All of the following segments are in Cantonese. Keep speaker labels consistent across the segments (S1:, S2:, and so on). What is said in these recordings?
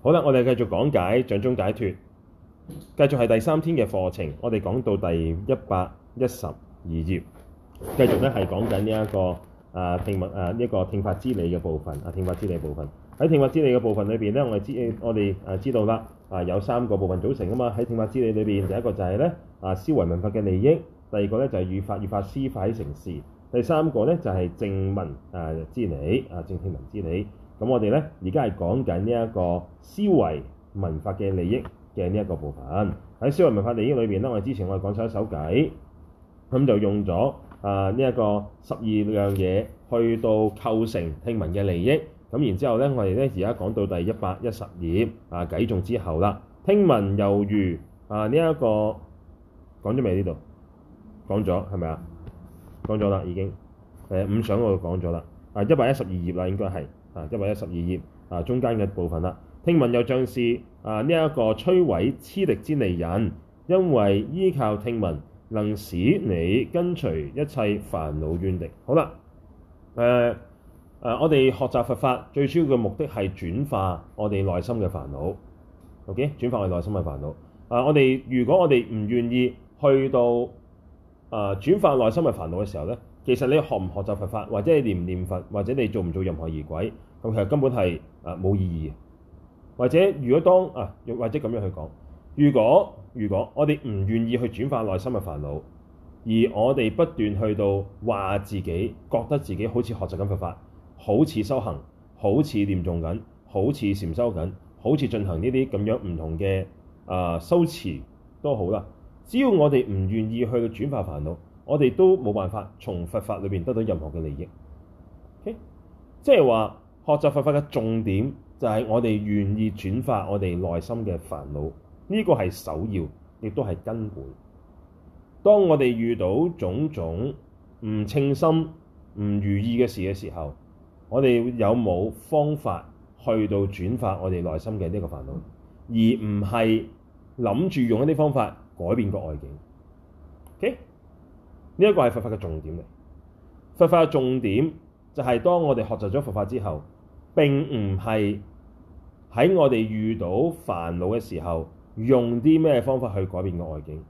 S1: 好啦，我哋繼續講解掌中解脫，繼續係第三天嘅課程。我哋講到第一百一十二頁，繼續咧係講緊呢一個啊聽聞啊呢、這個聽法之理嘅部分啊，聽法之理部分喺聽法之理嘅部分裏邊咧，我哋知我哋啊知道啦啊，有三個部分組成啊嘛。喺聽法之理裏邊，第一個就係咧啊思維聞法嘅利益，第二個咧就係、是、於法於法司法喺承事，第三個咧就係、是、正聞啊之理啊正聽聞之理。咁我哋咧，而家係講緊呢一個思惟聞法嘅利益嘅呢一個部分，喺思惟聞法利益裏邊咧，我之前我哋講咗一首偈，咁就用咗啊呢一個十二樣嘢去到構成聽聞嘅利益。咁然後呢呢、啊、之後咧，我哋咧而家講到第一百一十頁啊，偈中之後啦，聽聞猶如啊呢一個講咗未？呢度講咗係咪啊？講咗啦，已經誒、呃、五想我講咗啦，啊一百一十二頁啦，應該係。啊，一百一十二頁啊，中間嘅部分啦。聽聞又像是啊，呢、這、一個摧毀癡敵之利刃，因為依靠聽聞能使你根除一切煩惱怨敵。好啦，誒、啊、誒、啊啊，我哋學習佛法最主要嘅目的係轉化我哋內心嘅煩惱。OK，轉化我哋內心嘅煩惱。啊，我哋如果我哋唔願意去到啊轉化內心嘅煩惱嘅時候咧？其實你學唔學習佛法，或者你念唔念佛，或者你做唔做任何儀軌，咁其實根本係啊冇意義嘅。或者如果當啊，或者咁樣去講，如果如果我哋唔願意去轉化內心嘅煩惱，而我哋不斷去到話自己覺得自己好似學習緊佛法，好似修行，好似念誦緊，好似禪修緊，好似進行呢啲咁樣唔同嘅啊修持都好啦。只要我哋唔願意去轉化煩惱，我哋都冇辦法從佛法裏面得到任何嘅利益，okay？即係話學習佛法嘅重點就係我哋願意轉化我哋內心嘅煩惱，呢個係首要，亦都係根本。當我哋遇到種種唔稱心、唔如意嘅事嘅時候，我哋有冇方法去到轉化我哋內心嘅呢個煩惱，而唔係諗住用一啲方法改變個外境？呢個係佛法嘅重點嚟，佛法嘅重點就係當我哋學習咗佛法之後，並唔係喺我哋遇到煩惱嘅時候，用啲咩方法去改變個外境，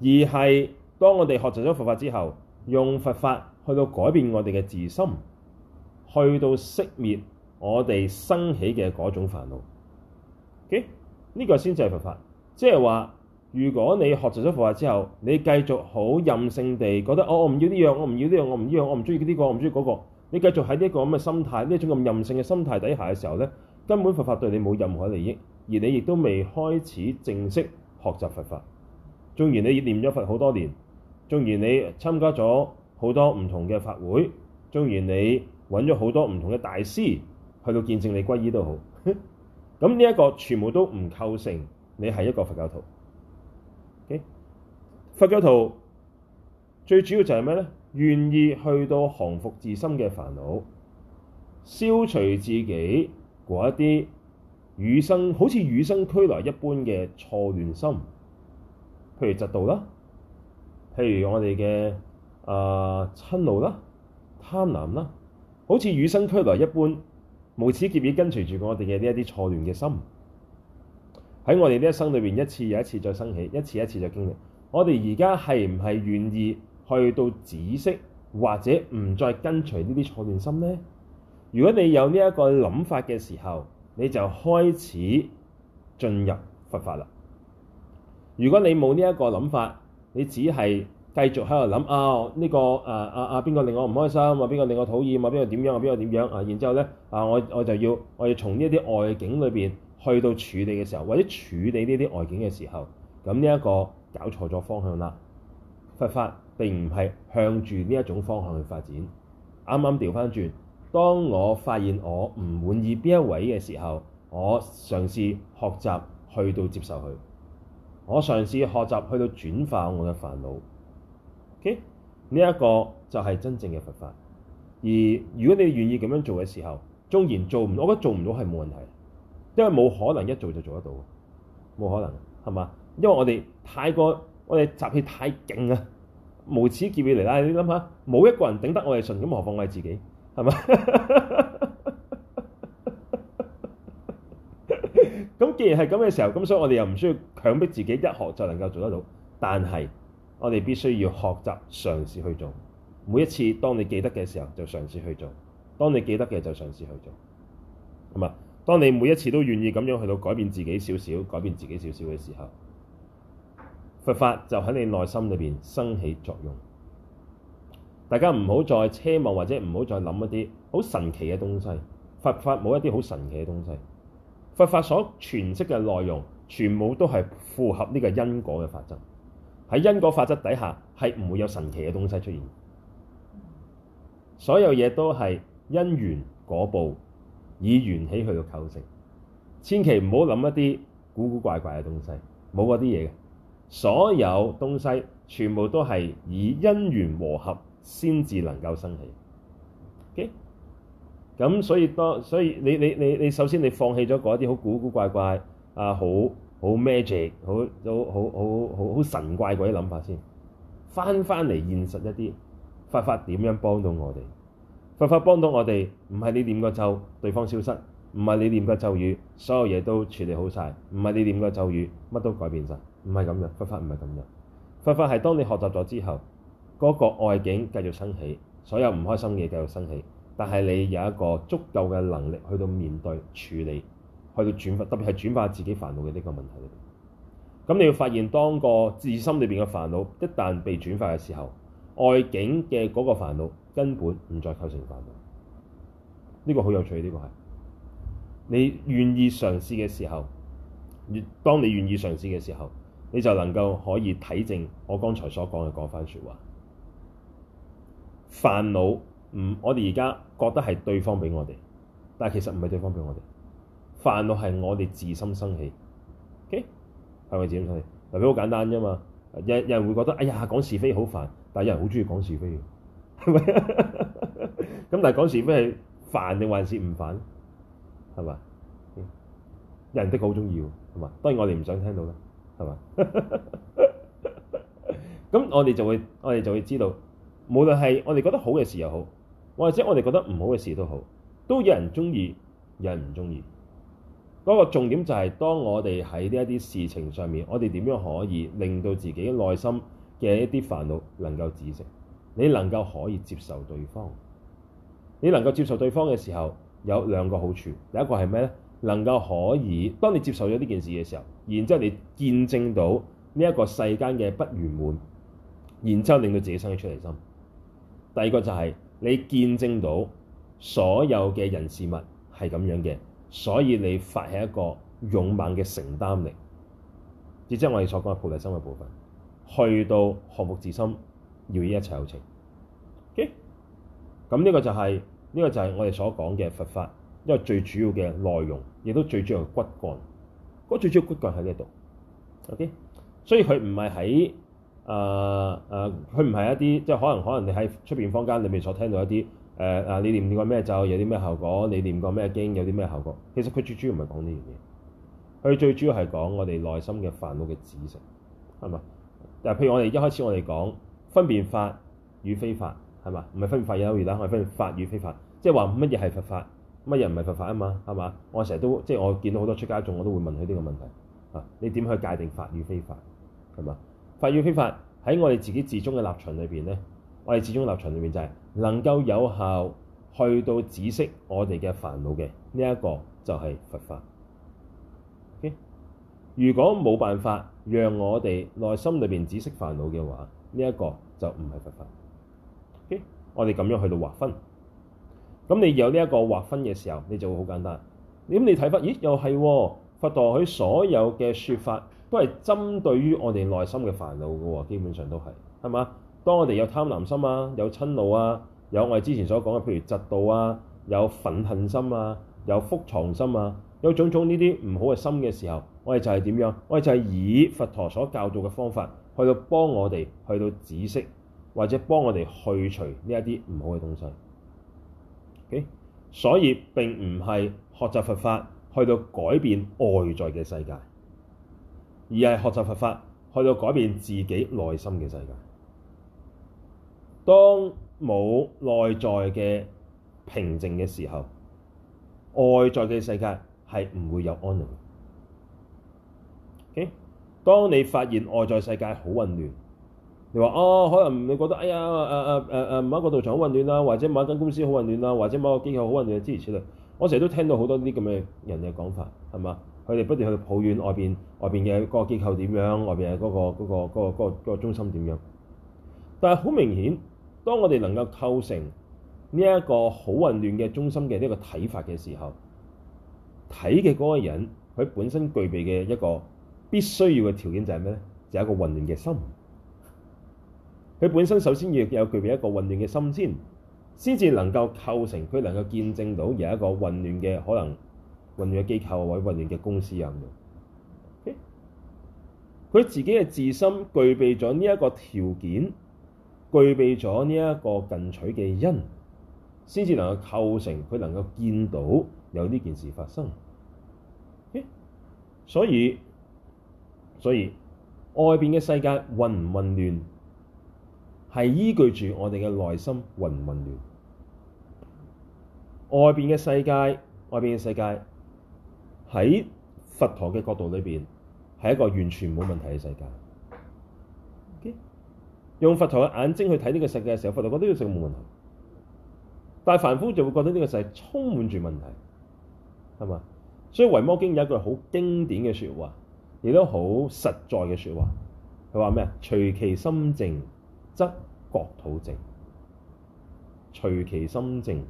S1: 而係當我哋學習咗佛法之後，用佛法去到改變我哋嘅自心，去到熄滅我哋生起嘅嗰種煩惱。OK，呢個先至係佛法，即係話。如果你學習咗佛法之後，你繼續好任性地覺得，我我唔要呢樣，我唔要呢樣，我唔要呢樣，我唔中意呢個，我唔中意嗰個。你繼續喺呢一個咁嘅心態，呢一種咁任性嘅心態底下嘅時候呢，根本佛法對你冇任何利益，而你亦都未開始正式學習佛法。縱然你念咗佛好多年，縱然你參加咗好多唔同嘅法會，縱然你揾咗好多唔同嘅大師去到見證你歸依都好，咁呢一個全部都唔構成你係一個佛教徒。發覺到最主要就係咩咧？願意去到降服自心嘅煩惱，消除自己嗰一啲與生好似與生俱來一般嘅錯亂心，譬如嫉妒啦，譬如我哋嘅啊瞋怒啦、貪婪啦，好似與生俱來一般無始劫以跟隨住我哋嘅呢一啲錯亂嘅心，喺我哋呢一生裏邊一次又一次再升起，一次一次再經歷。我哋而家係唔係願意去到止息，或者唔再跟隨呢啲錯亂心呢？如果你有呢一個諗法嘅時候，你就開始進入佛法啦。如果你冇呢一個諗法，你只係繼續喺度諗啊，呢個誒啊啊邊個令我唔開心啊，邊個令我討厭啊，邊個點樣啊，邊個點樣啊，然之後呢，啊，我我就要我要從呢啲外境裏邊去到處理嘅時候，或者處理呢啲外境嘅時候。咁呢一個搞錯咗方向啦！佛法並唔係向住呢一種方向去發展，啱啱調翻轉。當我發現我唔滿意邊一位嘅時候，我嘗試學習去到接受佢，我嘗試學習去到轉化我嘅煩惱。OK，呢一個就係真正嘅佛法。而如果你願意咁樣做嘅時候，縱然做唔，我覺得做唔到係冇問題，因為冇可能一做就做得到，冇可能，係嘛？因為我哋太過，我哋集氣太勁啊，無始劫以嚟啦！你諗下，冇一個人頂得我哋順，咁何況我係自己，係咪？咁 既然係咁嘅時候，咁所以我哋又唔需要強迫自己一學就能夠做得到，但係我哋必須要學習嘗試去做。每一次當你記得嘅時候，就嘗試去做；當你記得嘅就嘗試去做。咁呀，當你每一次都願意咁樣去到改變自己少少、改變自己少少嘅時候。佛法就喺你內心裏邊生起作用。大家唔好再奢望，或者唔好再諗一啲好神奇嘅東西。佛法冇一啲好神奇嘅東西。佛法所詮釋嘅內容，全部都係符合呢個因果嘅法則。喺因果法則底下，係唔會有神奇嘅東西出現。所有嘢都係因緣果報，以緣起去到構成。千祈唔好諗一啲古古怪怪嘅東西，冇嗰啲嘢嘅。所有東西全部都係以因緣和合先至能夠生起。O.K. 咁所以當所以你你你你首先你放棄咗嗰啲好古古怪怪啊，好好 magic，好好好好好好神怪啲諗法先，翻翻嚟現實一啲，佛法點樣幫到我哋？佛法幫到我哋，唔係你念個咒對方消失，唔係你念個咒語所有嘢都處理好晒；唔係你念個咒語乜都改變晒。唔係咁樣，佛法唔係咁樣。佛法係當你學習咗之後，嗰個外境繼續升起，所有唔開心嘅嘢繼續升起，但係你有一個足夠嘅能力去到面對處理，去到轉發，特別係轉化自己煩惱嘅呢個問題嗰度。咁你要發現，當個自心裏邊嘅煩惱一旦被轉化嘅時候，外境嘅嗰個煩惱根本唔再構成煩惱。呢個好有趣，呢個係你願意嘗試嘅時候。你當你願意嘗試嘅時候。你就能夠可以體證我剛才所講嘅嗰番説話。煩，煩惱唔，我哋而家覺得係對方俾我哋，但係其實唔係對方俾我哋煩惱，係我哋自心生起。O K 係咪先？特別好簡單啫嘛，有有人會覺得哎呀，講是非好煩，但係有人好中意講是非，係咪咁？ 但係講是非係煩定還是唔煩？係咪？人的確好中意，係嘛？當然我哋唔想聽到嘅。係咁 我哋就會，我哋就會知道，無論係我哋覺得好嘅事又好，或者我哋覺得唔好嘅事都好，都有人中意，有人唔中意。嗰、那個重點就係、是，當我哋喺呢一啲事情上面，我哋點樣可以令到自己內心嘅一啲煩惱能夠止息？你能夠可以接受對方，你能夠接受對方嘅時候，有兩個好處，第一個係咩呢？能夠可以，當你接受咗呢件事嘅時候，然之後你見證到呢一個世間嘅不圓滿，然之後令到自己生起出離心。第二個就係、是、你見證到所有嘅人事物係咁樣嘅，所以你發起一個勇猛嘅承擔力，亦即係我哋所講嘅菩提心嘅部分，去到學目自心，要依一切有情。OK，咁呢個就係、是、呢、這個就係我哋所講嘅佛法。因為最主要嘅內容，亦都最主要嘅骨幹。個最主要骨幹喺呢度？OK，所以佢唔係喺啊啊，佢唔係一啲即係可能可能你喺出邊坊間裏面所聽到一啲誒啊，你念過咩咒有啲咩效果？你念過咩經有啲咩效果？其實佢最主要唔係講呢樣嘢，佢最主要係講我哋內心嘅煩惱嘅止息，係咪？嗱、就是，譬如我哋一開始我哋講分辨法與非法，係咪？唔係分辨法優劣啦，我哋分辨法與非法，即係話乜嘢係佛法？乜人唔係佛法啊嘛，係嘛？我成日都即係我見到好多出家眾，我都會問佢啲咁嘅問題。啊、你點去界定法與非法？係嘛？法與非法喺我哋自己自宗嘅立場裏邊咧，我哋自宗立場裏邊就係、是、能夠有效去到止息我哋嘅煩惱嘅呢一個就係佛法。OK，如果冇辦法讓我哋內心裏邊止息煩惱嘅話，呢、這、一個就唔係佛法。OK，我哋咁樣去到劃分。咁你有呢一個劃分嘅時候，你就會好簡單。咁你睇翻，咦？又係、哦、佛陀佢所有嘅説法，都係針對於我哋內心嘅煩惱嘅、哦，基本上都係，係嘛？當我哋有貪婪心啊，有嗔怒啊，有我哋之前所講嘅，譬如嫉妒啊，有憤恨心啊，有覆藏心啊，有種種呢啲唔好嘅心嘅時候，我哋就係點樣？我哋就係以佛陀所教導嘅方法，去到幫我哋，去到止息，或者幫我哋去除呢一啲唔好嘅東西。Okay. 所以並唔係學習佛法去到改變外在嘅世界，而係學習佛法去到改變自己內心嘅世界。當冇內在嘅平靜嘅時候，外在嘅世界係唔會有安寧。Okay. 當你發現外在世界好混亂。你話哦，可能你覺得哎呀，誒誒誒誒，某一個道場好混亂啦，或者某間公司好混亂啦，或者某個機構好混亂，諸如此類。我成日都聽到好多啲咁嘅人嘅講法，係嘛？佢哋不斷去抱怨外邊外邊嘅個機構點樣，外邊嘅嗰個嗰個嗰個嗰個嗰個中心點樣。但係好明顯，當我哋能夠構成呢一個好混亂嘅中心嘅呢個睇法嘅時候，睇嘅嗰個人佢本身具備嘅一個必須要嘅條件就係咩咧？就係一個混亂嘅心。佢本身首先要有具備一個混亂嘅心先，先至能夠構成佢能夠見證到有一個混亂嘅可能、混亂嘅機構或者混亂嘅公司咁樣。佢、okay. 自己嘅自心具備咗呢一個條件，具備咗呢一個近取嘅因，先至能夠構成佢能夠見到有呢件事發生。Okay. 所以，所以外邊嘅世界混唔混亂？係依據住我哋嘅內心混唔混亂，外邊嘅世界，外邊嘅世界喺佛陀嘅角度裏邊係一個完全冇問題嘅世界。Okay? 用佛陀嘅眼睛去睇呢個世界嘅時候，佛陀覺得呢個世界冇問題，但凡夫就會覺得呢個世界充滿住問題，係嘛？所以《維摩經》有一句好經典嘅説話，亦都好實在嘅説話。佢話咩啊？隨其心淨，則國土淨，隨其心淨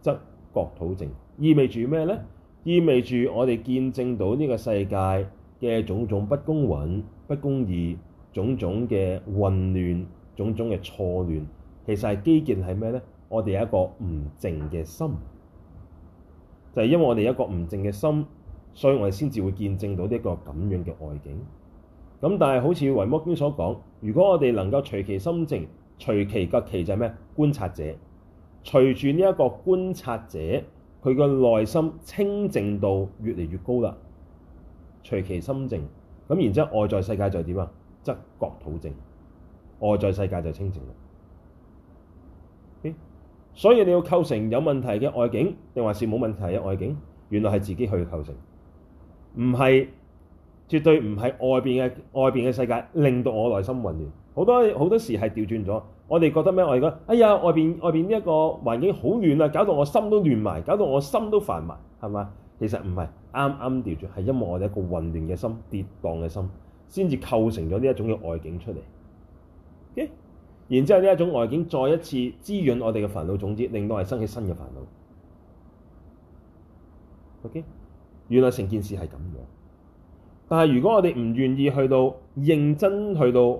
S1: 則國土淨。意味住咩呢？意味住我哋見證到呢個世界嘅種種不公允、不公義、種種嘅混亂、種種嘅錯亂，其實係基建係咩呢？我哋有一個唔淨嘅心，就係、是、因為我哋有一個唔淨嘅心，所以我哋先至會見證到呢一個咁樣嘅外境。咁但係好似《維摩經》所講，如果我哋能夠隨其心靜，隨其個其就係咩？觀察者。隨住呢一個觀察者，佢個內心清淨度越嚟越高啦。隨其心靜，咁然之後外在世界就係點啊？則國土淨，外在世界就清淨啦。Okay? 所以你要構成有問題嘅外境，定還是冇問題嘅外境？原來係自己去構成，唔係。絕對唔係外邊嘅外邊嘅世界令到我內心混亂，好多好多時係調轉咗。我哋覺得咩？我哋覺得，哎呀，外邊外邊呢一個環境好亂啊，搞到我心都亂埋，搞到我心都煩埋，係嘛？其實唔係，啱啱調轉係因為我哋一個混亂嘅心、跌宕嘅心，先至構成咗呢一種嘅外境出嚟。OK，然之後呢一種外境再一次滋潤我哋嘅煩惱種子，令到我哋生起新嘅煩惱。OK，原來成件事係咁樣。但係如果我哋唔願意去到認真去到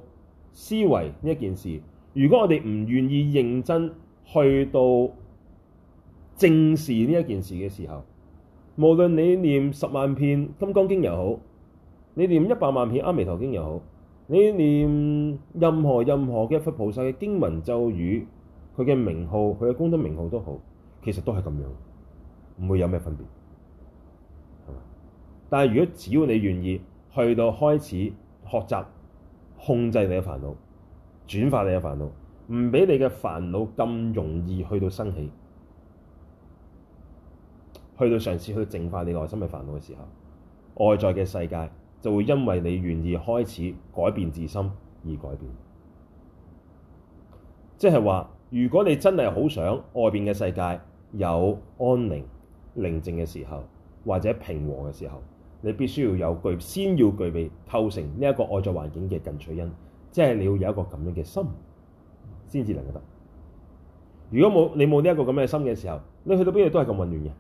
S1: 思維呢一件事，如果我哋唔願意認真去到正視呢一件事嘅時候，無論你念十萬遍《金剛經》又好，你念一百萬遍《阿彌陀經》又好，你念任何任何嘅佛菩薩嘅經文咒語，佢嘅名號、佢嘅功德名號都好，其實都係咁樣，唔會有咩分別。但係，如果只要你願意去到開始學習控制你嘅煩惱，轉化你嘅煩惱，唔俾你嘅煩惱咁容易去到生起，去到嘗試去淨化你內心嘅煩惱嘅時候，外在嘅世界就會因為你願意開始改變自心而改變。即係話，如果你真係好想外邊嘅世界有安寧、寧靜嘅時候，或者平和嘅時候。你必須要有具，先要具備構成呢一個外在環境嘅近取因，即係你要有一個咁樣嘅心，先至能夠得。如果冇你冇呢一個咁樣嘅心嘅時候，你去到邊度都係咁混亂嘅，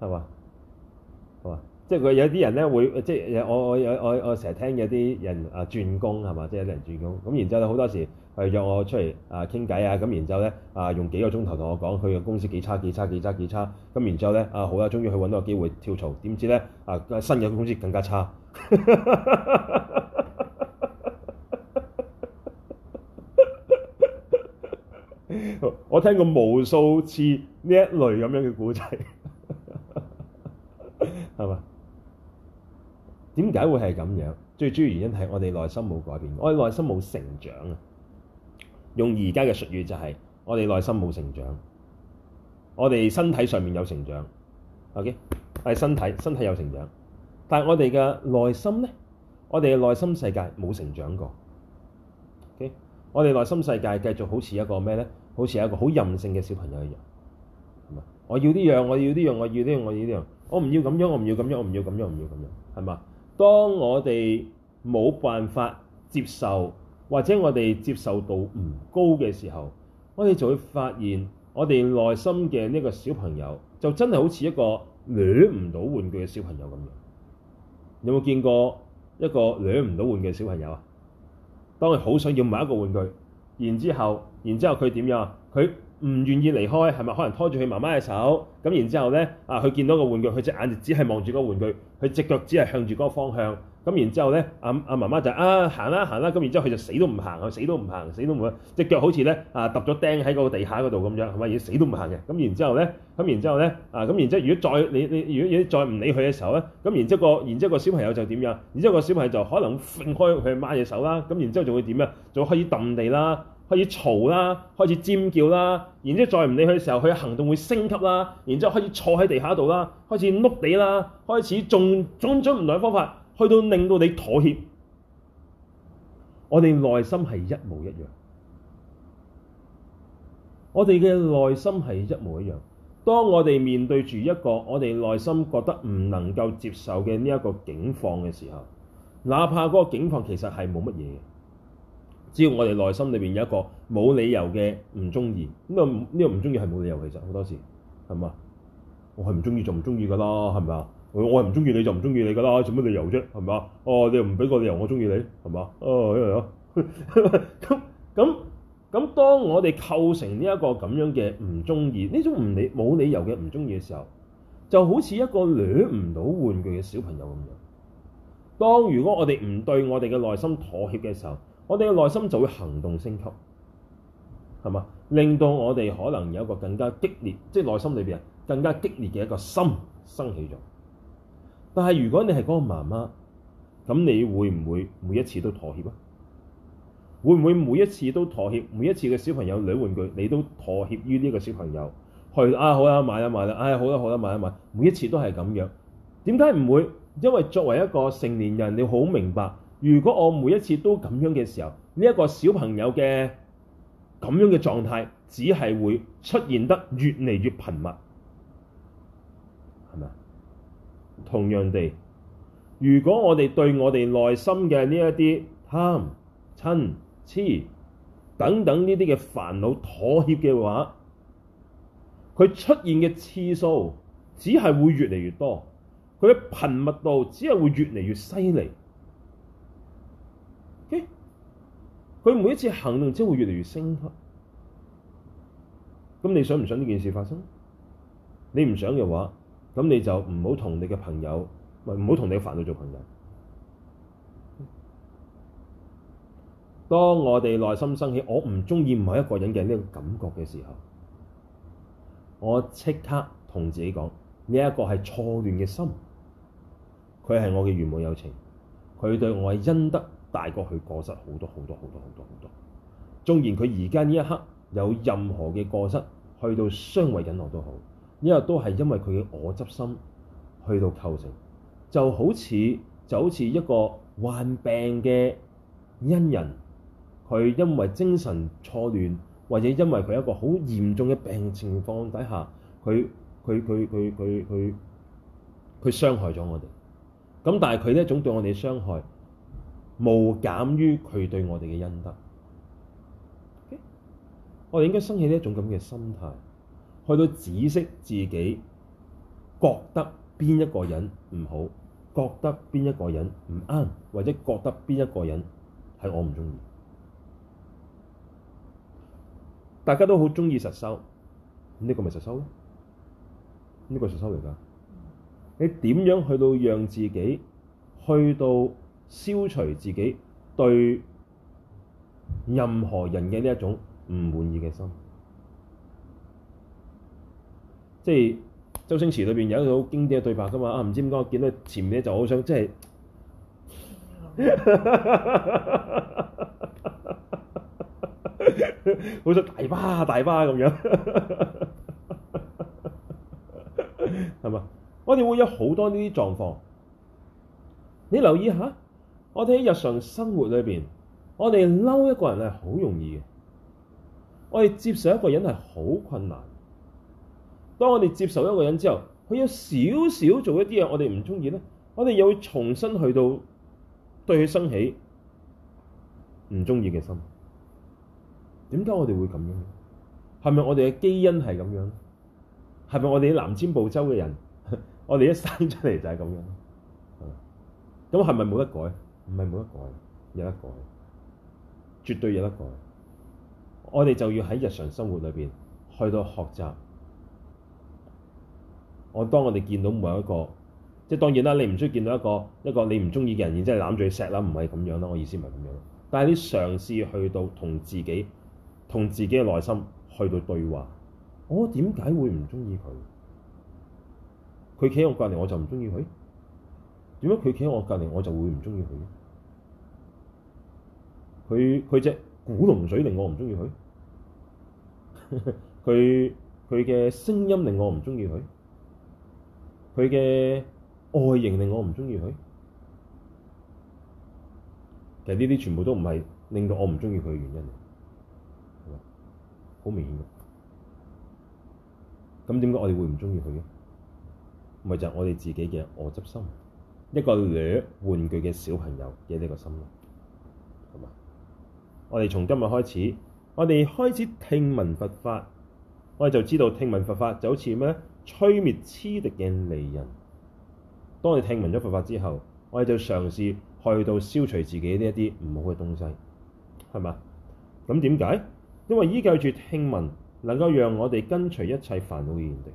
S1: 係嘛？係嘛？即係佢有啲人咧會，即係我我我我我成日聽有啲人啊轉工係嘛？即係有啲人轉工咁，然之後好多時。係約我出嚟啊，傾偈啊，咁然之後咧啊，用幾個鐘頭同我講佢嘅公司幾差幾差幾差幾差，咁然之後咧啊，好啦，終於佢搵到個機會跳槽，點知咧啊，新嘅公司更加差。 我聽過無數次呢一類咁樣嘅故仔， 係嘛？點解會係咁樣？最主要原因係我哋內心冇改變，我哋內心冇成長啊！用而家嘅術語就係，我哋內心冇成長，我哋身體上面有成長嗎。O K，係身體，身體有成長，但係我哋嘅內心咧，我哋嘅內心世界冇成長過。O K，我哋內心世界繼續好似一個咩咧？好似一個好任性嘅小朋友一樣，係嘛？我要啲樣，我要啲樣，我要啲樣，我要啲樣。我唔要咁樣，我唔要咁樣，我唔要咁樣，唔要咁樣。係嘛？當我哋冇辦法接受。或者我哋接受度唔高嘅時候，我哋就會發現我哋內心嘅呢個小朋友就真係好似一個攞唔到玩具嘅小朋友咁樣。有冇見過一個攞唔到玩具嘅小朋友啊？當佢好想要買一個玩具，然之後，然之後佢點樣啊？佢唔願意離開，係咪可能拖住佢媽媽嘅手？咁然之後咧，啊，佢見到個玩具，佢隻眼就只係望住個玩具，佢隻腳只係向住嗰個方向。咁然之後咧，阿阿媽媽就啊，行啦，行啦。咁然之後佢就死都唔行，佢死都唔行，死都唔，隻腳好似咧啊揼咗釘喺個地下嗰度咁樣，係咪要死都唔行嘅？咁然之後咧，咁然之後咧啊咁然之後如，如果再你你如果如果再唔理佢嘅時候咧，咁然之後個然之後個小朋友就點樣？然之後個小朋友就可能甩開佢媽隻手啦。咁然之後就會點啊？就開始揼地啦，開始嘈啦，開始尖叫啦。然之後再唔理佢嘅時候，佢行動會升級啦。然之後開始坐喺地下度啦，開始碌地啦，開始仲種種唔同嘅方法，去到令到你妥協，我哋內心係一模一樣。我哋嘅內心係一模一樣。當我哋面對住一個我哋內心覺得唔能夠接受嘅呢一個境況嘅時候，哪怕嗰個境況其實係冇乜嘢，只要我哋內心裏邊有一個冇理由嘅唔中意，咁呢、呢個唔中意係冇理由。其實好多時係唔，我係唔中意就唔中意噶啦，係咪啊？我我係唔中意你就唔中意你噶啦，做乜理由啫？係嘛？哦，你又唔俾個理由我中意你，係嘛？哦，一、哎 這個、樣咁咁咁。當我哋構成呢一個咁樣嘅唔中意，呢種唔理冇理由嘅唔中意嘅時候，就好似一個戀唔到玩具嘅小朋友咁樣。當如果我哋唔對我哋嘅內心妥協嘅時候，我哋嘅內心就會行動升級，係嘛？令到我哋可能有一個更加激烈，即係內心裏邊啊更加激烈嘅一個心生起咗。但係如果你係嗰個媽媽，咁你會唔會每一次都妥協啊？會唔會每一次都妥協？每一次嘅小朋友攞玩具，你都妥協於呢個小朋友去啊？好啦、啊，買啦買啦，唉、啊，好啦、啊、好啦、啊、買啦買，每一次都係咁樣。點解唔會？因為作為一個成年人，你好明白，如果我每一次都咁樣嘅時候，呢、這、一個小朋友嘅咁樣嘅狀態，只係會出現得越嚟越頻密。同樣地，如果我哋對我哋內心嘅呢一啲貪、嗔、痴等等呢啲嘅煩惱妥協嘅話，佢出現嘅次數只係會越嚟越多，佢嘅頻密度只係會越嚟越犀利。佢、okay？每一次行動只會越嚟越升級。咁你想唔想呢件事發生？你唔想嘅話，咁你就唔好同你嘅朋友，唔好同你嘅煩惱做朋友。當我哋內心生起我唔中意唔某一個人嘅呢種感覺嘅時候，我即刻同自己講：呢一個係錯亂嘅心，佢係我嘅如母有情，佢對我恩德大過佢過失好多好多好多好多好多，多。縱然佢而家呢一刻有任何嘅過失，去到傷胃引落都好。因為都係因為佢嘅我執心去到構成，就好似就好似一個患病嘅恩人，佢因為精神錯亂，或者因為佢一個好嚴重嘅病情況底下，佢佢佢佢佢佢佢傷害咗我哋。咁但係佢呢一種對我哋嘅傷害，無減於佢對我哋嘅恩德。Okay? 我哋應該生起呢一種咁嘅心態。去到只識自己，覺得邊一個人唔好，覺得邊一個人唔啱，或者覺得邊一個人係我唔中意，大家都好中意實修，呢個咪實修咧？呢個實修嚟噶，你點樣去到讓自己去到消除自己對任何人嘅呢一種唔滿意嘅心？即係周星馳裏邊有一個好經典嘅對白㗎嘛，啊，唔知點解我見到前面咧，就好想即係，好似 大巴大巴咁樣係嘛？ 我哋會有好多呢啲狀況。你留意下，我哋喺日常生活裏邊，我哋嬲一個人係好容易嘅，我哋接受一個人係好困難。當我哋接受一個人之後，佢有少少做一啲嘢，我哋唔中意咧，我哋又會重新去到對佢生起唔中意嘅心。點解我哋會咁樣？係咪我哋嘅基因係咁樣？係咪我哋南贍部洲嘅人？我哋一生出嚟就係咁樣。咁係咪冇得改？唔係冇得改，有得改，絕對有得改。我哋就要喺日常生活裏邊去到學習。我當我哋見到某一個，即係當然啦，你唔中意見到一個一個你唔中意嘅人，然之後攬住去錫啦，唔係咁樣啦，我意思唔係咁樣。但係你嘗試去到同自己、同自己嘅內心去到對話，哦、我點解會唔中意佢？佢企喺我隔籬，我就唔中意佢。點解佢企喺我隔籬，我就會唔中意佢？佢佢隻古龍水令我唔中意佢。佢佢嘅聲音令我唔中意佢。佢嘅外形令我唔鍾意佢，其實呢啲全部都唔係令到我唔鍾意佢嘅原因嚟，好明顯嘅。咁點解我哋會唔鍾意佢嘅？咪就係我哋自己嘅我執心，一個略玩具嘅小朋友嘅呢個心咯，係嘛？我哋從今日開始，我哋開始聽聞佛法，我哋就知道聽聞佛法就好似咩？吹滅痴敵嘅離人。當你聽聞咗佛法之後，我哋就嘗試去到消除自己呢一啲唔好嘅東西，係嘛？咁點解？因為依舊住聽聞能夠讓我哋跟除一切煩惱的現敵。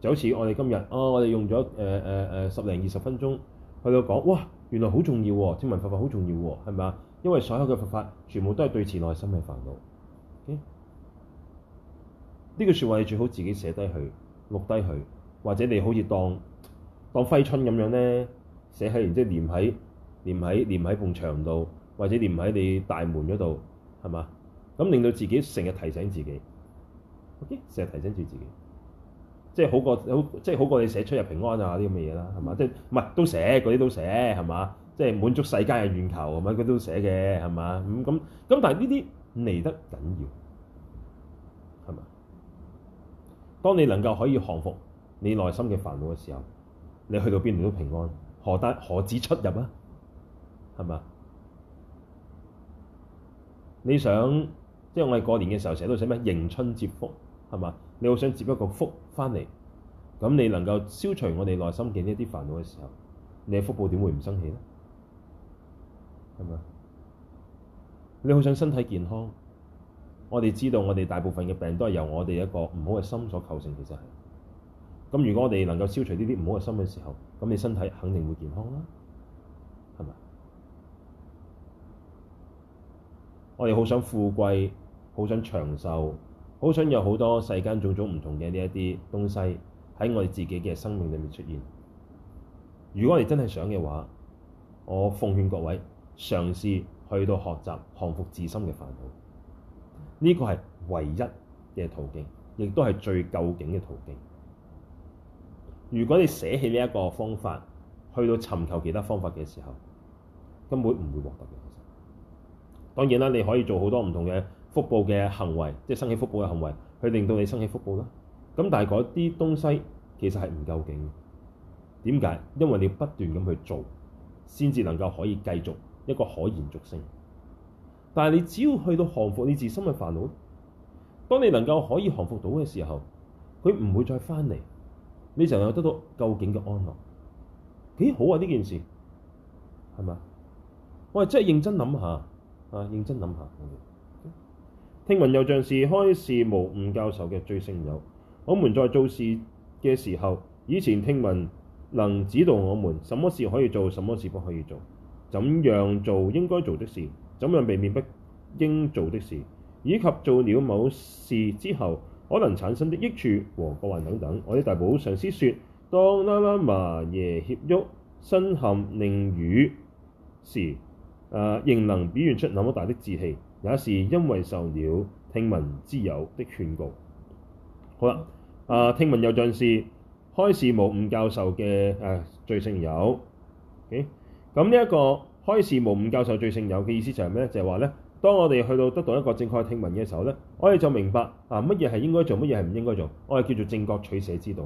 S1: 就好似我哋今日，哦，我哋用咗誒誒誒十零二十分鐘去到講，哇，原來好重要喎，聽聞佛法好重要喎，係咪啊？因為所有嘅佛法全部都係對治內心嘅煩惱。呢、嗯、句説話你最好自己寫低去。錄低佢，或者你好似當當揮春咁樣咧，寫喺即係粘喺粘喺粘喺埲牆度，或者粘喺你大門嗰度，係嘛？咁令到自己成日提醒自己，OK，成日提醒住自己，即係好過好，即係好過你寫出入平安啊啲咁嘅嘢啦，係嘛？即係唔係都寫嗰啲都寫，係嘛？即係滿足世界嘅願求係咪？佢都寫嘅，係嘛？咁咁咁，但係呢啲嚟得緊要。當你能夠可以降服你內心嘅煩惱嘅時候，你去到邊度都平安，何但何止出入啊？係嘛？你想即係我哋過年嘅時候成日都寫咩迎春接福係嘛？你好想接一個福返嚟，咁你能夠消除我哋內心嘅一啲煩惱嘅時候，你嘅福報點會唔生起呢？係嘛？你好想身體健康。我哋知道，我哋大部分嘅病都係由我哋一個唔好嘅心所構成。其實咁，如果我哋能夠消除呢啲唔好嘅心嘅時候，咁你身體肯定會健康啦，係咪？我哋好想富貴，好想長壽，好想有好多世間種種唔同嘅呢一啲東西喺我哋自己嘅生命裏面出現。如果你真係想嘅話，我奉勸各位嘗試去到學習降服自身嘅煩惱。呢個係唯一嘅途徑，亦都係最究竟嘅途徑。如果你捨棄呢一個方法，去到尋求其他方法嘅時候，根本唔會獲得嘅。當然啦，你可以做好多唔同嘅福報嘅行為，即係生起福報嘅行為，去令到你生起福報啦。咁但係嗰啲東西其實係唔究竟嘅。點解？因為你要不斷咁去做，先至能夠可以繼續一個可延續性。但係你只要去到降服你自身嘅煩惱，當你能夠可以降服到嘅時候，佢唔會再翻嚟，你就能得到究竟嘅安樂，幾好啊呢件事，係咪？我係真係認真諗下，啊，認真諗下。聽聞又像是開示無誤教授嘅最勝友，我們在做事嘅時候，以前聽聞能指導我們，什麼事可以做，什麼事不可以做。怎樣做應該做的事，怎樣避免不應做的事，以及做了某事之後可能產生的益處和過患等等。我哋大寶上師說：，當拉喇嘛耶協沃身陷囹圄時、呃，仍能表現出那麼大的志氣，也是因為受了聽聞之友的勸告。好啦，誒、呃、聽聞又像是開示冇誤教授嘅誒最勝友，呃咁呢一個開示無誤教授最勝友嘅意思就係咩咧？就係話咧，當我哋去到得到一個正確嘅聽聞嘅時候咧，我哋就明白啊乜嘢係應該做，乜嘢係唔應該做。我哋叫做正確取捨之道，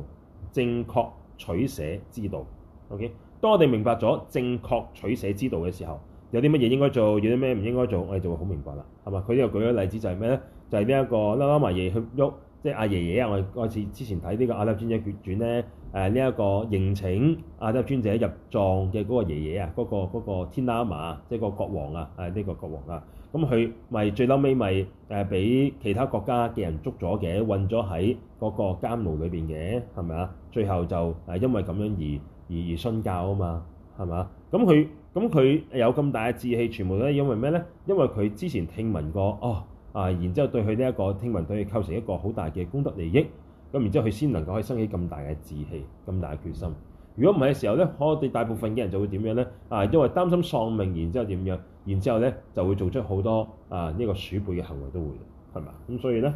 S1: 正確取捨之道。OK，當我哋明白咗正確取捨之道嘅時候，有啲乜嘢應該做，有啲咩唔應該做，我哋就會好明白啦。係嘛？佢呢度舉咗例子就係咩咧？就係呢一個拉喇嘛耶協沃。即係阿爺爺啊！我哋開始之前睇呢、這個阿拉尊者決戰咧，誒呢一個迎請阿拉尊者入藏嘅嗰個爺爺啊，嗰、那個、那個、天喇嘛，即係個國王啊，係、這、呢個國王啊，咁佢咪最嬲尾咪誒俾其他國家嘅人捉咗嘅，困咗喺個個監牢裏邊嘅，係咪啊？最後就係因為咁樣而而而殉教啊嘛，係咪啊？咁佢，咁佢有咁大嘅志氣，全部都係因為咩咧？因為佢之前聽聞過哦。啊，然之後對佢呢一個聽聞對佢構成一個好大嘅功德利益，咁然之後佢先能夠可以生起咁大嘅志氣、咁大嘅決心。如果唔係嘅時候咧，我哋大部分嘅人就會點樣咧？啊，因為擔心喪命，然之後點樣？然之後咧就會做出好多啊呢個鼠輩嘅行為都會，係嘛？咁所以咧，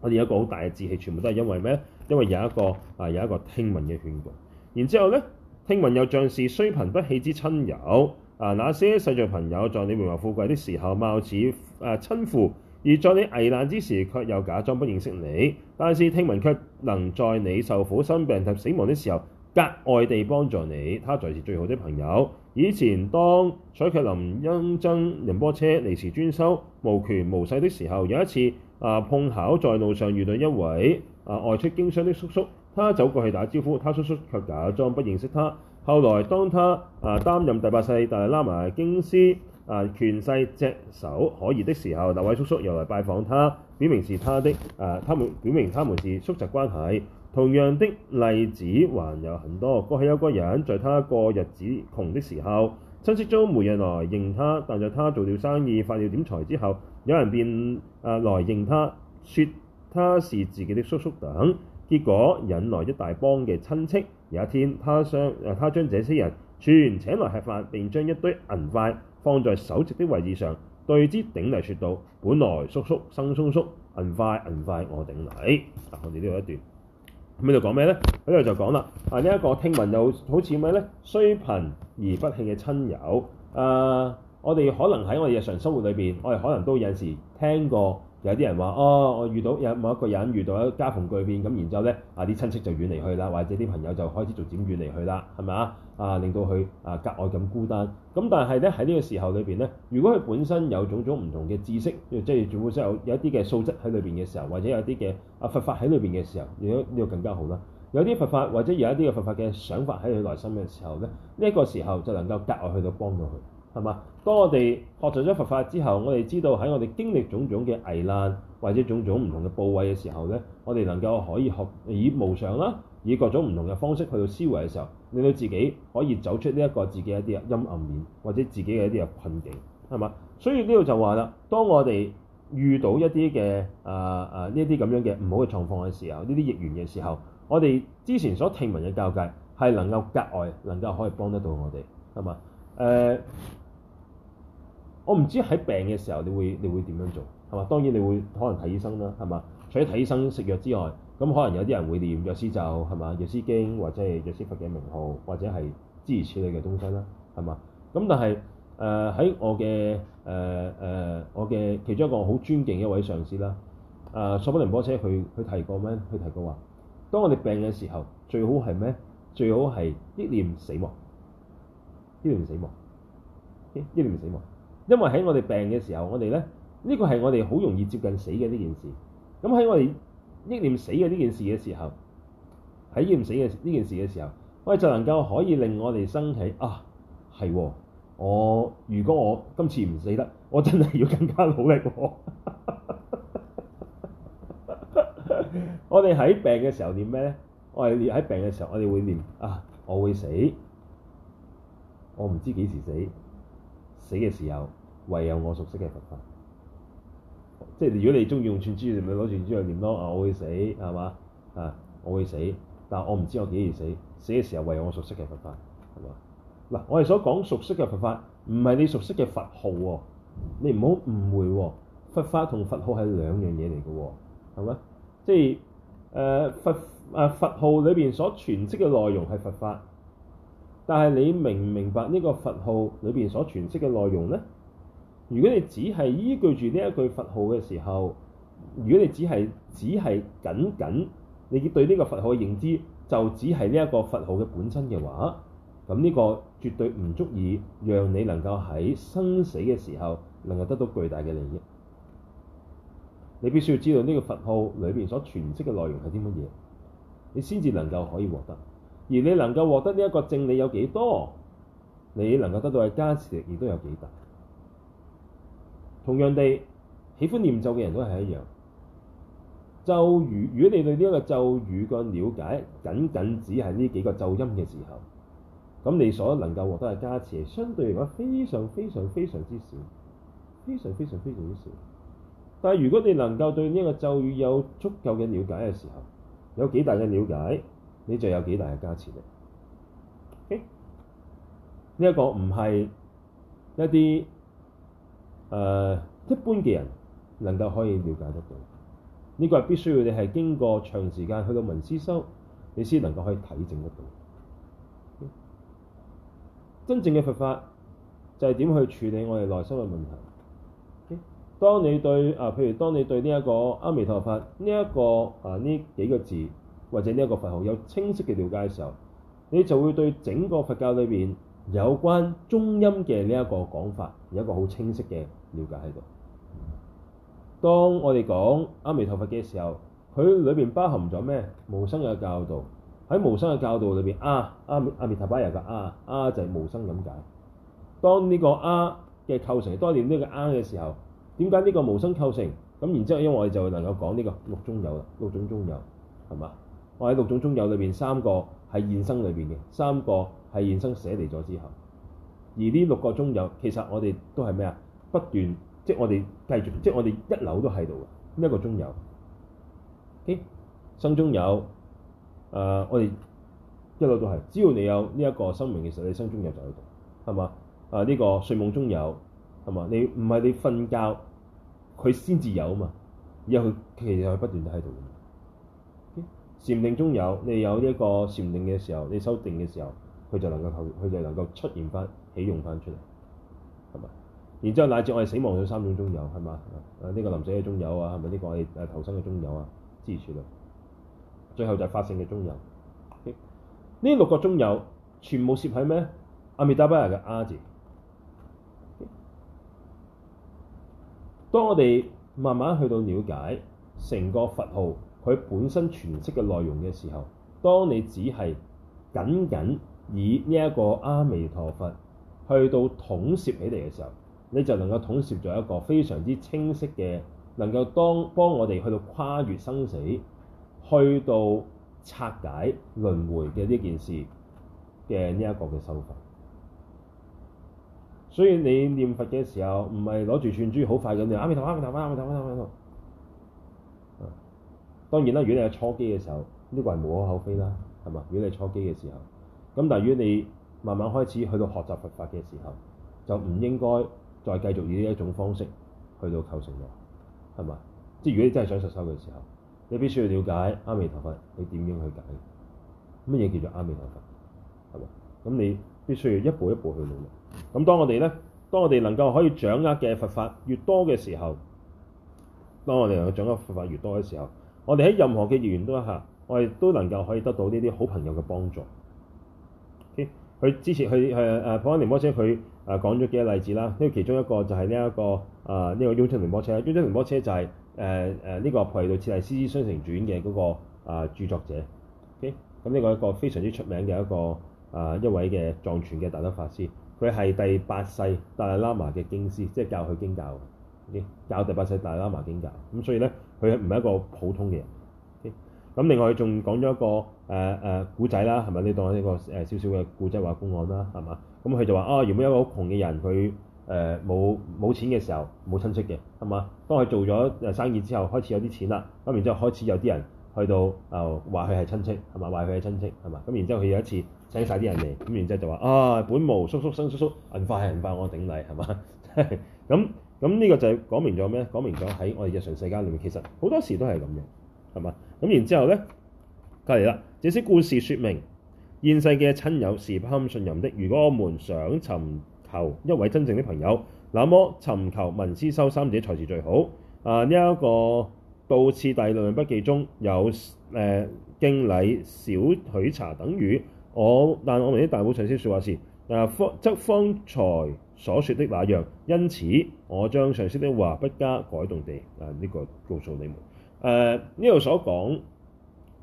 S1: 我哋有一個好大嘅志氣，全部都係因為咩？因為有一個啊有一個聽聞嘅勸告。然之後咧，聽聞又像是雖貧不棄之親友啊，那些世俗朋友在你榮華富貴的時候，貌似誒親、啊、附。而在你危難之時，卻又假裝不認識你；但是聽聞卻能在你受苦、生病及死亡的時候，格外地幫助你。他才是最好的朋友。以前當彩卻林雍增仁波切離事專修，無權無勢的時候，有一次啊碰巧在路上遇到一位啊外出經商的叔叔，他走過去打招呼，他叔叔卻假裝不認識他。後來當他啊擔任第八世達賴喇嘛經師。啊！權勢炙手可熱的時候，那位叔叔又來拜訪他，表明是他的誒、呃，他們表明他們是叔侄關係。同樣的例子還有很多。過去有個人，在他過日子窮的時候，親戚中沒人來認他，但在他做了生意發了點財之後，有人便誒、呃、來認他，說他是自己的叔叔等，結果引來一大幫嘅親戚。有一天他將，他將，他將這些人全請來吃飯，並將一堆銀塊，放在首席的位置上，對之頂禮説道：本來叔叔，生叔叔，銀塊銀塊，我頂禮。啊，我哋呢度一段，咁呢度講咩咧？呢度就講啦。啊，呢一個聽聞又好似咩咧？雖貧而不棄嘅親友。啊、呃，我哋可能喺我哋日常生活裏邊，我哋可能都有陣時聽過。有啲人話：哦，我遇到有某一個人遇到一家逢巨變，咁然之後咧，啊啲親戚就遠離去啦，或者啲朋友就開始逐漸遠離去啦，係咪啊？啊，令到佢啊格外咁孤單。咁但係咧，喺呢個時候裏邊咧，如果佢本身有種種唔同嘅知識，即係總會有有一啲嘅素質喺裏邊嘅時候，或者有啲嘅啊佛法喺裏邊嘅時候，如果呢個更加好啦。有啲佛法或者有一啲嘅佛法嘅想法喺佢內心嘅時候咧，呢、這、一個時候就能夠格外去到幫到佢。係嘛？當我哋學習咗佛法之後，我哋知道喺我哋經歷種種嘅危難或者種種唔同嘅部位嘅時候咧，我哋能夠可以學以無常啦，以各種唔同嘅方式去到思維嘅時候，令到自己可以走出呢一個自己一啲嘅陰暗面或者自己嘅一啲嘅困境，係嘛？所以呢度就話啦，當我哋遇到一啲嘅啊啊呢啲咁樣嘅唔好嘅狀況嘅時候，呢啲逆緣嘅時候，我哋之前所聽聞嘅教誡係能夠格外能夠可以幫得到我哋，係嘛？誒、呃。我唔知喺病嘅時候你會你會點樣做，係嘛？當然你會可能睇醫生啦，係嘛？除咗睇醫生食藥之外，咁可能有啲人會念藥師咒係嘛？藥師經或者係藥師佛嘅名號或者係諸如此類嘅東西啦，係嘛？咁但係誒喺我嘅誒誒我嘅其中一個好尊敬嘅一位上師啦，誒、呃、索布林波車，佢佢提過咩？佢提過話，當我哋病嘅時候，最好係咩？最好係憶念死亡，憶念死亡，憶念死亡。因為喺我哋病嘅時候，我哋咧呢、呢個係我哋好容易接近死嘅呢件事。咁喺我哋憶念死嘅呢件事嘅時候，喺憶念死嘅呢件事嘅時候，我哋就能夠可以令我哋生起啊，係我如果我今次唔死得，我真係要更加努力，哦。 我哋喺病嘅時候念咩咧？我哋喺病嘅時候，我哋會念啊，我會死，我唔知幾時死，死嘅時候，唯有我熟悉嘅佛法，即係如果你中意用串珠，你咪攞串珠去念咯。我會死係嘛啊？我會死，但係我唔知我幾時死。死嘅時候，唯有我熟悉嘅佛法係嘛？嗱，我哋所講熟悉嘅佛法，唔係你熟悉嘅佛號喎、啊。你唔好誤會、啊、佛法同佛號係兩樣嘢嚟嘅喎，係咪？即係誒、呃、佛誒、呃、佛號裏邊所詮釋嘅內容係佛法，但係你明唔明白呢個佛號裏邊所詮釋嘅內容咧？如果你只係依據住呢一句佛號嘅時候，如果你只係只係僅僅你對呢個佛號嘅認知就只係呢一個佛號嘅本身嘅話，咁呢個絕對唔足以讓你能夠喺生死嘅時候能夠得到巨大嘅利益。你必須要知道呢個佛號裏面所詮釋嘅內容係啲乜嘢，你先至能夠可以獲得。而你能夠獲得呢一個正理有幾多，你能夠得到嘅加持力亦都有幾大。同樣地，喜歡念咒嘅人都係一樣。咒語，如果你對呢一個咒語嘅了解，僅僅只係呢幾個咒音嘅時候，咁你所能夠獲得嘅加持相對嚟講非常非常非常之少，非常非常非常之少。但係如果你能夠對呢一個咒語有足夠嘅了解嘅時候，有幾大嘅了解，你就有幾大嘅加持力。Okay? 呢一個唔係一啲。誒、uh, 一般嘅人能夠可以瞭解得到，呢個係必須要你係經過長時間去到聞思修，你先能夠可以體證得到。Okay? 真正嘅佛法就係點去處理我哋內心嘅問題。Okay? 當你對啊，譬如當你對呢一個阿彌陀佛呢、這、一個啊呢幾個字，或者呢一個佛號有清晰嘅了解嘅時候，你就會對整個佛教裏邊有關中陰嘅呢一個講法有一個好清晰嘅。了解喺度。當我哋講阿彌陀佛嘅時候，佢裏邊包含咗咩無生嘅教導？喺無生嘅教導裏邊，阿阿阿彌陀佛有個阿阿就係無生咁解。當呢個阿嘅構成，當念呢個阿嘅時候，點解呢個無生構成？咁然之後，因為我哋就能夠講呢個六中有啦，六種中有係嘛？我喺六種中有裏邊三個係現生裏邊嘅，三個係現生捨離咗之後，而呢六個中有其實我哋都係咩啊？不斷，即係我哋繼續，即係我哋一路都喺度嘅。呢一個中有，okay? 生中有，誒、呃，我哋一路都係。只要你有呢一個生命嘅時候，你生中有就喺度，係嘛？誒、啊，呢、這個睡夢中有，係嘛？你唔係你瞓覺，佢先至有啊嘛。然後佢其實佢不斷都喺度嘅。okay? 禪定中有，你有呢一個禪定嘅時候，你修定嘅時候，佢就能夠佢就能夠出現返起用返出嚟，係嘛？然之後，乃至我哋死亡咗三種中有，係嘛？啊呢、這個臨死嘅中有啊，係咪呢個我哋投生嘅中有啊？知處啦。最後就係法性嘅中有。呢六個中有全部攝喺咩？阿彌達巴嚟嘅阿字。當我哋慢慢去到了解成個佛號佢本身詮釋嘅內容嘅時候，當你只係僅僅以呢一個阿彌陀佛去到統攝起嚟嘅時候。你就能夠統攝咗一個非常之清晰嘅，能夠當幫我哋去到跨越生死、去到拆解輪迴嘅呢件事嘅呢一個嘅修法。所以你念佛嘅時候，唔係攞住串珠好快咁，你阿彌陀、阿彌陀、阿彌陀、阿彌陀、阿彌陀。當然啦，如果你係初機嘅時候，呢個係無可厚非啦，係嘛？如果你係初機嘅時候，咁但係如果你慢慢開始去到學習佛法嘅時候，就唔應該、嗯。再繼續以呢一種方式去到構成我，係咪？即係如果你真係想實修嘅時候，你必須要了解阿彌陀佛法，你點樣去解？乜嘢叫做阿彌陀佛法？係嘛？咁你必須要一步一步去努力。咁當我哋咧，當我哋能夠可以掌握嘅佛法越多嘅時候，當我哋能夠掌握佛法越多嘅時候，我哋喺任何嘅業緣都一下，我哋都能夠可以得到呢啲好朋友嘅幫助。佢之前，佢誒誒普安尼摩生佢。誒、啊、講咗幾個例子啦？因為其中一個就係呢一個啊呢、這個雍增仁波切，雍增仁波切就係誒誒呢個菩提道次第《師師相承傳、那個》嘅嗰個啊著作者。咁、okay? 呢個一個非常之出名嘅一個啊一位嘅藏傳嘅大德法師，佢係第八世達賴喇嘛嘅經師，即、就、係、是、教佢經教。Okay? 教第八世達賴喇嘛經教。咁所以咧，佢唔係一個普通嘅人。咁、okay? 另外仲講咗一個誒誒古仔啦，係咪？你當呢個誒少少嘅古仔或公案啦，係嘛？咁佢就話啊，原本一個好窮嘅人，佢誒冇冇錢嘅時候冇親戚嘅，係嘛？當佢做咗誒生意之後，開始有啲錢啦，咁然之後開始有啲人去到誒話佢係親戚，係嘛？話佢係親戚，係嘛？咁然之後佢有一次請晒啲人嚟，咁然之後就話啊，本無叔叔生叔叔，銀塊銀塊我頂禮，係嘛？咁咁呢個就講明咗咩咧？講明咗喺我哋日常世界裏面，其實好多時都係咁樣，係嘛？咁、嗯嗯嗯嗯、然後之後咧，隔離啦，這些故事說明。現世嘅親友是不堪信任的。如果我們想尋求一位真正的朋友，那麼尋求聞思修三者才是最好。啊、呃，呢、這、一個《道次大論筆記》中有誒敬、呃、禮少許茶等語。我但我明啲大寶上師説話時，啊方則方才所說的那樣，因此我將上師的話不加改動地啊呢、呃這個告訴你們。誒呢度所講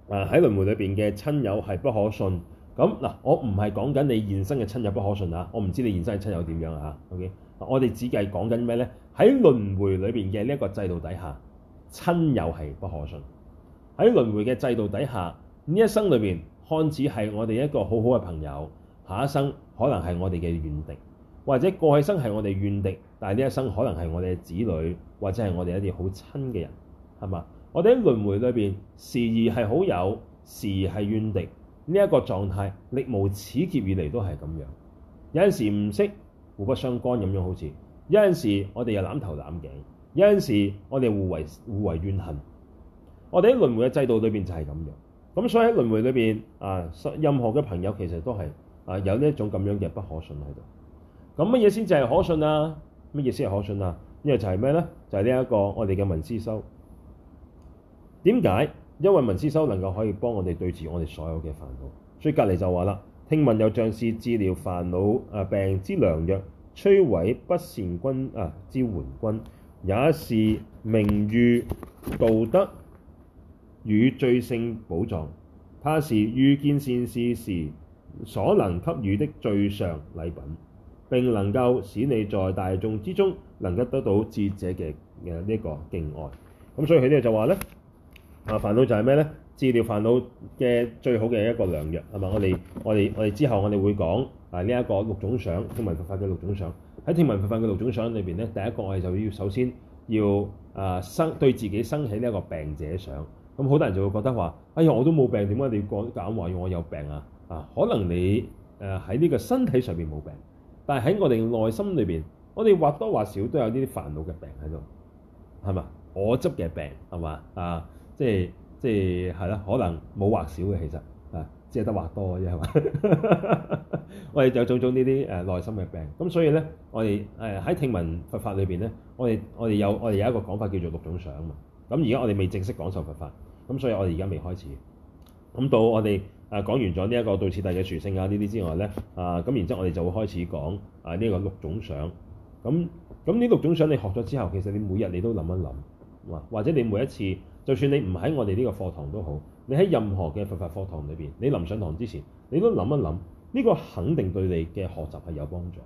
S1: 啊喺輪迴裏邊嘅親友係不可信。咁嗱，我唔係講緊你現生嘅親友不可信啊！我唔知你現生嘅親友點樣啊！OK，我哋只係講緊咩呢？喺輪迴裏邊嘅呢一個制度底下，親友係不可信。喺輪迴嘅制度底下，呢一生裏邊看似係我哋一個好好嘅朋友，下一生可能係我哋嘅怨敵，或者過去生係我哋怨敵，但係呢一生可能係我哋嘅子女，或者係我哋一啲好親嘅人，係嘛？我哋喺輪迴裏邊時而係好友，時而係怨敵。呢一個狀態，歷無始劫以嚟都係咁樣。有陣時唔識互不相干咁樣，好似有陣時我哋又攬頭攬頸，有陣時我哋互為互為怨恨。我哋喺輪迴嘅制度裏邊就係咁樣。咁所以喺輪迴裏邊啊，任何嘅朋友其實都係啊有呢一種咁樣嘅不可信喺度。咁乜嘢先至係可信啊？乜嘢先係可信啊？呢個就係咩咧？就係呢一個我哋嘅聞思修。點解？因為聞思修能夠可以幫我哋對治我哋所有嘅煩，煩惱，所以隔離就話啦：聽聞又像是治療煩惱啊病之良藥，摧毀不善軍啊之援軍，也是名譽、道德與最勝寶藏，它是遇見善士時所能給予的最上禮品，並能夠使你在大眾之中能夠得到智者嘅嘅呢個敬愛。咁、啊、所以佢呢就話咧。啊！煩惱就係咩咧？治療煩惱嘅最好嘅一個良藥係咪？我哋我哋我哋之後我哋會講啊！呢一個六種相，聽聞佛法嘅六種相喺聽聞佛法嘅六種相裏邊咧，第一個我哋就要首先要啊生對自己生起呢一個病者相。咁好多人就會覺得話：哎呀，我都冇病，點解你要講夾硬話要我有病啊？啊，可能你誒喺呢個身體上面冇病，但係喺我哋內心裏邊，我哋或多或少都有呢啲煩惱嘅病喺度，係嘛？我執嘅病係嘛啊？即係即係係咯，可能冇畫少嘅其實啊，只係得畫多嘅啫。係咪？ 我哋有種種呢啲誒內心嘅病，咁所以咧，我哋誒喺聽聞佛法裏邊咧，我哋我哋有我哋有一個講法叫做六種想嘛。咁而家我哋未正式講授佛法，咁所以我哋而家未開始。咁到我哋誒講完咗呢一個道次第嘅殊勝啊呢啲之外咧啊，咁然之後我哋就會開始講啊呢個六種想。咁咁呢六種想你學咗之後，其實你每日你都諗一諗，或者你每一次。就算你唔喺我哋呢個課堂都好，你喺任何嘅佛法課堂裏邊，你臨上堂之前，你都諗一諗，呢、這個肯定對你嘅學習係有幫助。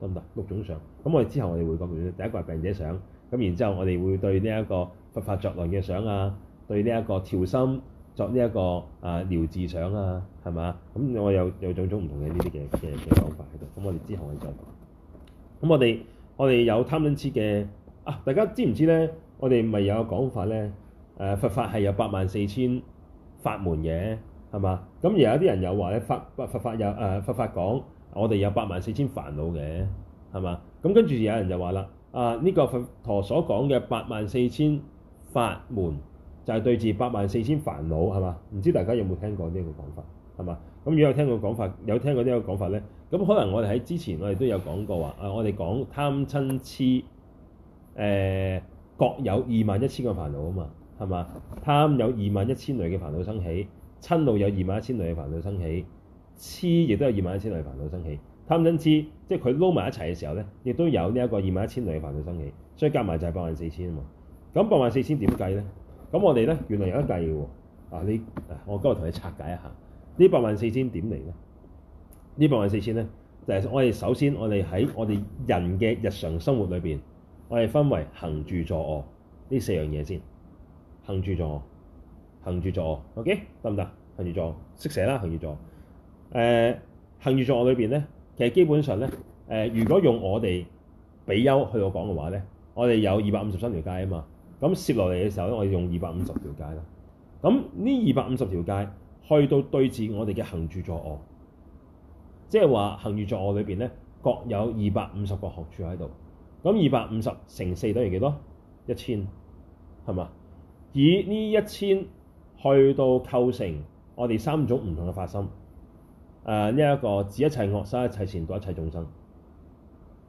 S1: 得唔得？六種相。咁我哋之後我哋回過頭，第一個係病者相。咁然之後我哋會對呢一個佛法作論嘅相啊，對呢一個調心作呢一個啊療治相啊，係嘛？咁我有有兩種唔同嘅呢啲嘅嘅講法喺度。咁我哋之後我哋再講。咁我哋我哋有 t h u 嘅啊，大家知唔知咧？我哋咪有講法咧？誒、呃、佛法係有八萬四千法門嘅，係嘛？咁而有啲人又話咧，佛佛佛法有誒、呃、佛法講，我哋有八萬四千煩惱嘅，係嘛？咁跟住有人就話啦，啊呢、這個佛陀所講嘅八萬四千法門就係對治八萬四千煩惱，係嘛？唔知大家有冇聽過呢個講法，係嘛？咁如果有聽過講法，有聽過個呢個講法咧，咁可能我哋喺之前我哋都有講過話，誒、啊、我哋講貪嗔痴，誒、呃、各有二萬一千個煩惱啊嘛～係嘛？貪有二萬一千類嘅煩惱生起，親怒有二萬一千類嘅煩惱生起，痴亦都有二萬一千類嘅煩惱生起。貪親痴即係佢撈埋一齊嘅時候咧，亦都有呢一個二萬一千類嘅煩惱生起。所以加埋就係八萬四千啊嘛。咁八萬四千點計咧？咁我哋咧原來有得計嘅喎、啊。你我今日同你拆解，解一下呢八萬四千點嚟咧？呢八萬四千咧，誒、就是，我哋首先我哋喺我哋人嘅日常生活裏邊，我哋分為行住坐卧呢四樣嘢先。行住坐臥，行住坐臥 o k 得唔得？OK？行住坐，識寫啦，行住坐。誒，行住坐臥裏邊咧，其實基本上咧，誒、呃、如果用我哋比丘去到講嘅話咧，我哋有二百五十三條戒啊嘛。咁攝落嚟嘅時候咧，我哋用二百五十條戒啦。咁呢二百五十條戒去到對住我哋嘅行住坐臥，即係話行住坐臥裏邊咧，各有二百五十個學處喺度。咁二百五十乘四等於幾多？一千係嘛？以呢一千去到構成我哋三種唔同嘅發心，誒、呃、呢一個止一切惡、生一切善道、導一切眾生。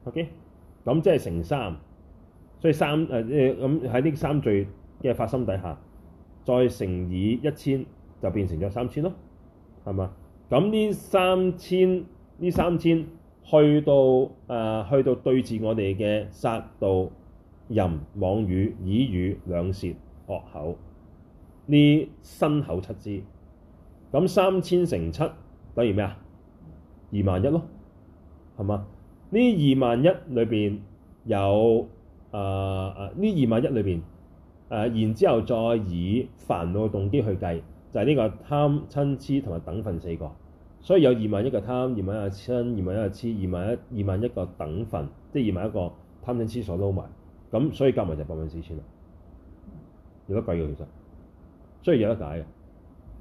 S1: OK，咁即係乘三，所以三誒咁喺呢三聚嘅發心底下再乘以一千，就變成咗三千咯，係嘛？咁呢三千呢三千去到誒、呃、去到對治我哋嘅殺道、淫、妄語、耳語、兩舌。惡口呢身口七支，咁三千乘七等於咩啊？二萬一咯，係嘛？呢二萬一裏邊有誒誒，呢、呃、二萬一裏邊誒，然之後再以煩惱嘅動機去計，就係、是、呢個貪嗔痴同埋等分四個，所以有二萬一個貪，二萬一，嗔二萬一,一個嗔，二萬一個痴，二萬一二萬一個等分，即係二萬一個貪嗔痴所撈埋，咁所以加埋就八萬四千啦。有得鬼嘅，其實，所以有得解嘅。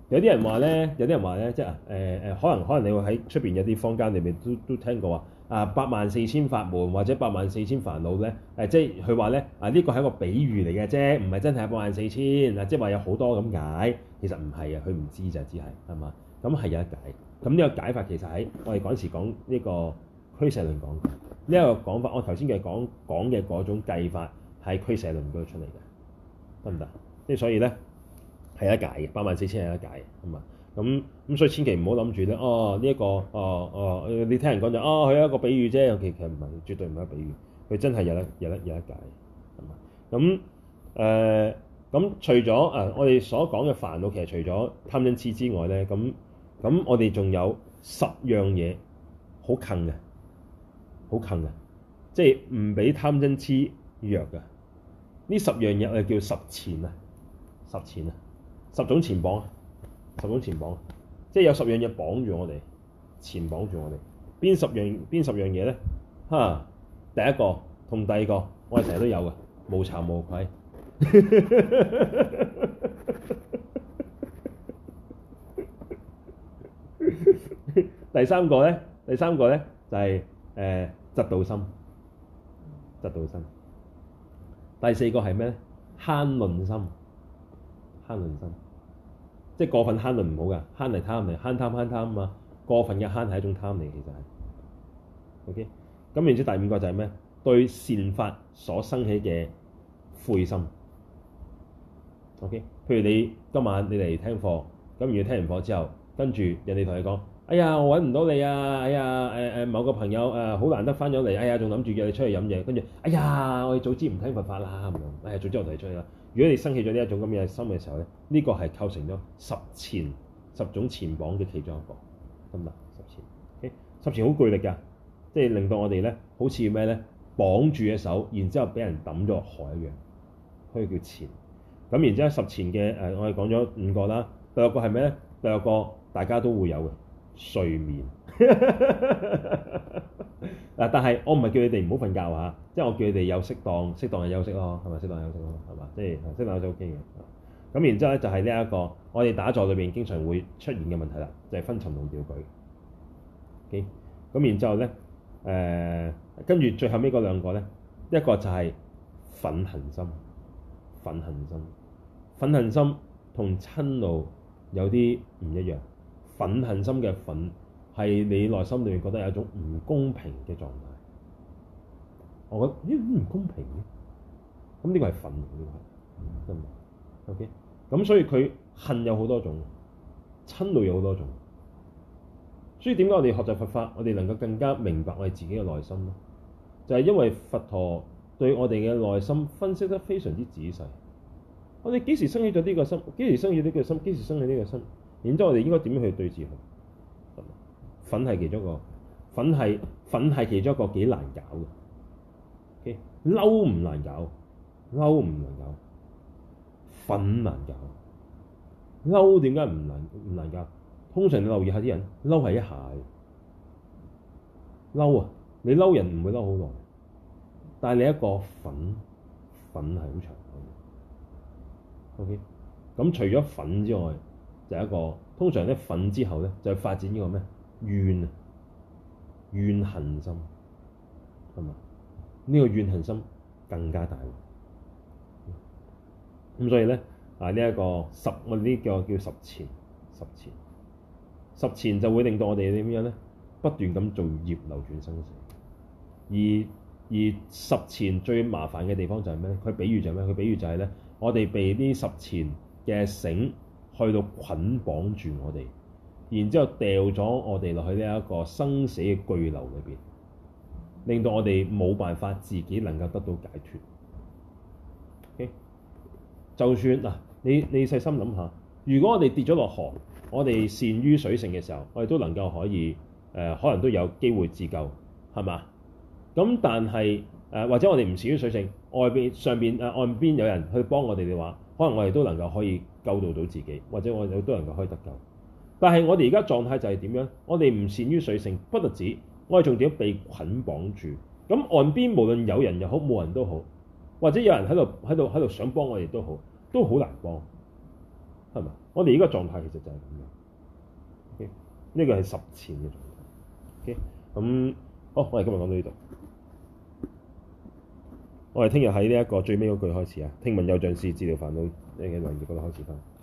S1: 有啲人話咧，有啲人話咧，即係啊，誒、呃、誒，可能可能你會喺出邊有啲坊間裏面都都聽過啊，啊、呃，八萬四千法門或者八萬四千煩惱咧，誒、呃，即係佢話咧啊，呢個係一個比喻嚟嘅啫，唔係真係八萬四千嗱，即係話有好多咁解，其實唔係啊，佢唔知就只係，係嘛？咁係有得解。咁呢個解法其實喺我哋嗰陣時講呢個俱舍論講呢、呢個講法，我頭先嘅講講嘅嗰種計法係俱舍論嗰度出嚟嘅。得唔得，即係所以咧係一解嘅，八萬四千係一解嘅，係嘛？咁咁所以千祈唔好諗住咧，哦呢一個，哦哦，你聽人講就，哦佢有一個比喻啫，其實唔係，絕對唔係比喻，佢真係有得，有得，有得解。係嘛？咁誒咁除咗誒、呃、我哋所講嘅煩惱，其實除咗貪嗔痴之外咧，咁咁我哋仲有十樣嘢好近嘅，好近嘅，即係唔俾貪嗔痴弱嘅。呢十樣嘢我哋叫十纏啊，十纏啊，十種纏綁啊，十種纏綁，即係有十樣嘢綁住我哋，纏綁住我哋。邊十樣邊十樣嘢咧？哈，第一個同第二個我哋成日都有嘅，無慚無愧 第。第三個咧，第三個咧就係誒執到心，執到心。第四個係咩咧？慳吝心，慳吝心，即係過分慳吝唔好㗎，慳嚟貪嚟，慳貪慳貪啊嘛，過分嘅慳係一種貪嚟，其實係，OK，咁然後第五個就係咩？對善法所生起嘅悔心，OK，譬如你今晚你嚟聽課，咁如果聽完課之後，跟住人哋同你講。哎呀，我揾唔到你啊！哎呀，誒、哎、誒、哎，某個朋友誒好難得翻咗嚟，哎呀，仲諗住約你出去飲嘢，跟住哎呀，我哋早知唔聽佛法啦咁樣。哎呀，早知我哋出去啦。如果你生起咗呢一種咁嘅心嘅時候咧，呢、這個係構成咗十纏十種纏綁嘅其中一個，係、嗯、咪？十纏，okay? 十纏好巨力㗎，即係令到我哋咧好似咩咧，綁住隻手，然之後俾人抌咗落海一樣，可以叫纏。咁然之後十纏嘅誒，我哋講咗五個啦，第六個係咩咧？第六個大家都會有嘅。睡眠嗱， 但係我唔係叫你哋唔好瞓覺嚇，即係我叫你哋有適當適當嘅休息咯，係咪適當休息咯，係嘛？即係適當休息 OK 嘅。咁、嗯、然之後咧、這個，就係呢一個我哋打坐裏邊經常會出現嘅問題啦，就係、是、昏沉同掉舉。OK，咁然之後咧，誒跟住最後尾嗰兩個咧，一個就係憤恨心，憤恨心，憤恨心同嗔怒有啲唔一樣。憤恨心嘅憤係你內心裏面覺得有一種唔公平嘅狀態。我覺得咦？點唔公平嘅？咁呢個係憤怒，呢個係真。O.K.，咁、嗯、所以佢恨有好多種，親類有好多種。所以點解我哋學習佛法，我哋能夠更加明白我哋自己嘅內心咯？就係、是、因為佛陀對我哋嘅內心分析得非常之仔細。我哋幾時生起咗呢個心？幾時生起呢個心？幾時生起呢個心？然之後，我哋應該點樣去對峙佢？粉係其中一個，粉係粉係其中一個幾難搞嘅。O.K. 嬲唔難搞，嬲唔難搞，粉難搞。嬲點解唔難唔難搞？通常你留意下啲人，嬲係一下，嬲啊！你嬲人唔會嬲好耐，但係你一個粉粉係好長嘅。O.K. 咁除咗粉之外。就係一個通常咧憤，之後咧就發展呢個咩怨啊，怨恨心係嘛？呢、這個怨恨心更加大，咁、嗯、所以咧、這個、啊呢一個十我哋呢個叫，叫十錢十錢十錢，就會令到我哋點樣咧不斷咁做業，流轉生死。而而十錢最麻煩嘅地方就係咩咧？佢比喻就係咩？佢比喻就係咧，我哋被呢十錢嘅繩，去到捆綁住我哋，然之後掉咗我哋落去呢一個生死嘅巨流裏邊，令到我哋冇辦法自己能夠得到解脫。Okay? 就算嗱、啊，你你細心諗下，如果我哋跌咗落河，我哋善於水性嘅時候，我哋都能夠可以誒、呃，可能都有機會自救，係嘛？咁但係誒、呃，或者我哋唔善於水性，外邊上邊誒、呃、岸邊有人去幫我哋嘅話。可能我哋都能夠可以救到到自己，或者我哋都能夠可以得救。但係我哋而家狀態就係點樣？我哋唔善於水性，不特止，我哋仲點被捆綁，綁住？咁岸邊無論有人又好，冇人都好，或者有人喺度喺度喺度想幫我哋都好，都好難幫，係咪？我哋而家狀態其實就係咁樣。OK，呢個係十賤嘅狀態。OK，咁、嗯、好，我哋今日講到呢度。我哋聽日喺呢一個最尾嗰句開始啊，聽聞又像是治療煩惱，呢幾難字嗰度開始返。